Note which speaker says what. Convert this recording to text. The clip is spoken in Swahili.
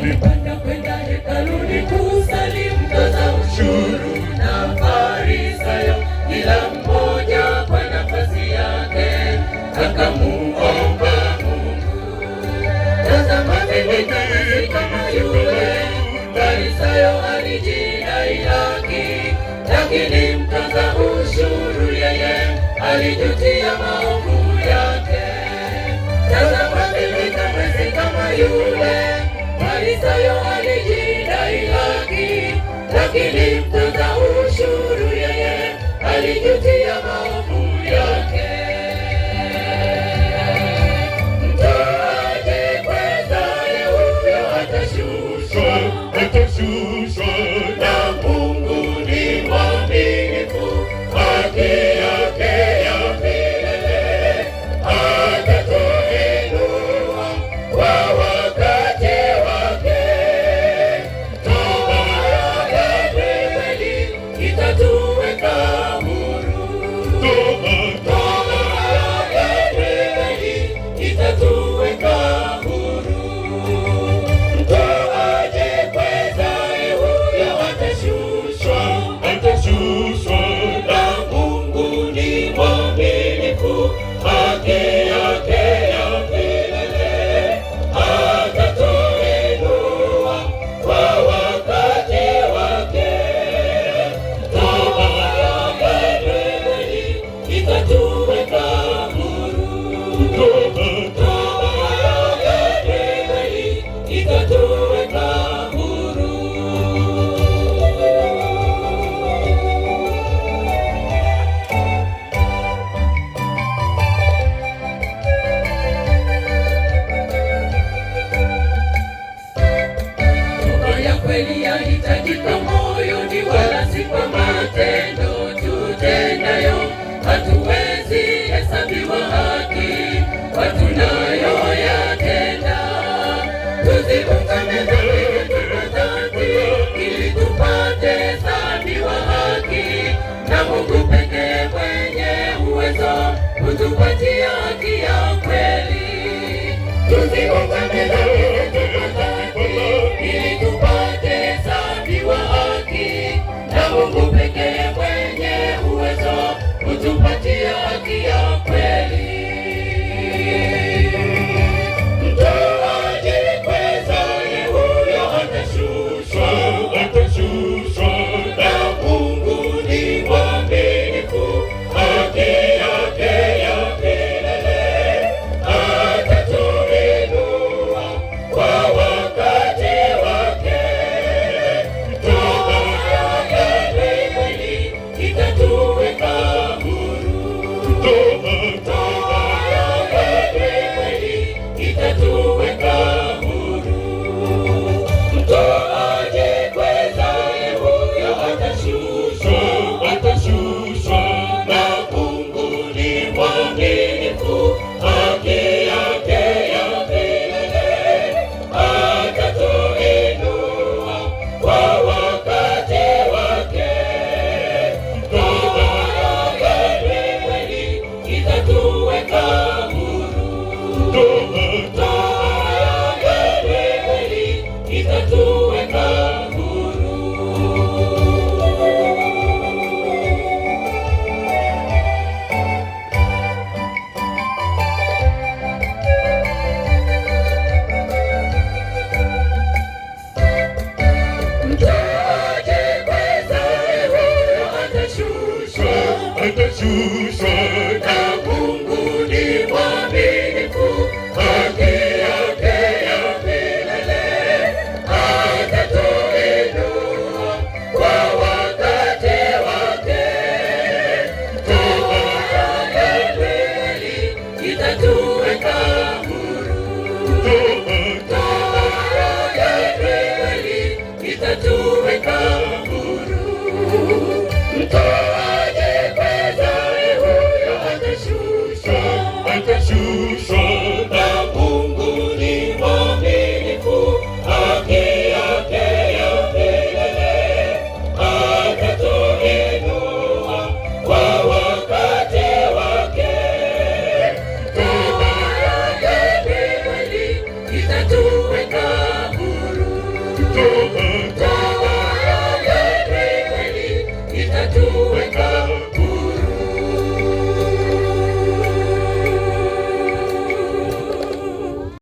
Speaker 1: Walipanda kwenda hekaluni kusalimu mtoza ushuru na Farisayo, kila mmoja kwa nafasi yake akamuomba Mungu. Tazama mwenyewe kama yule Farisayo alijidai haki, lakini mtoza ushuru yeye alijutia maovu yake. Tazama mwenyewe kama yule Philip.
Speaker 2: si kwa matendo tutendayo, hatuwezi hesabiwa haki kwa tunayoyatenda. Tuziungame Tudo pra ti. itatuweka huru. Kita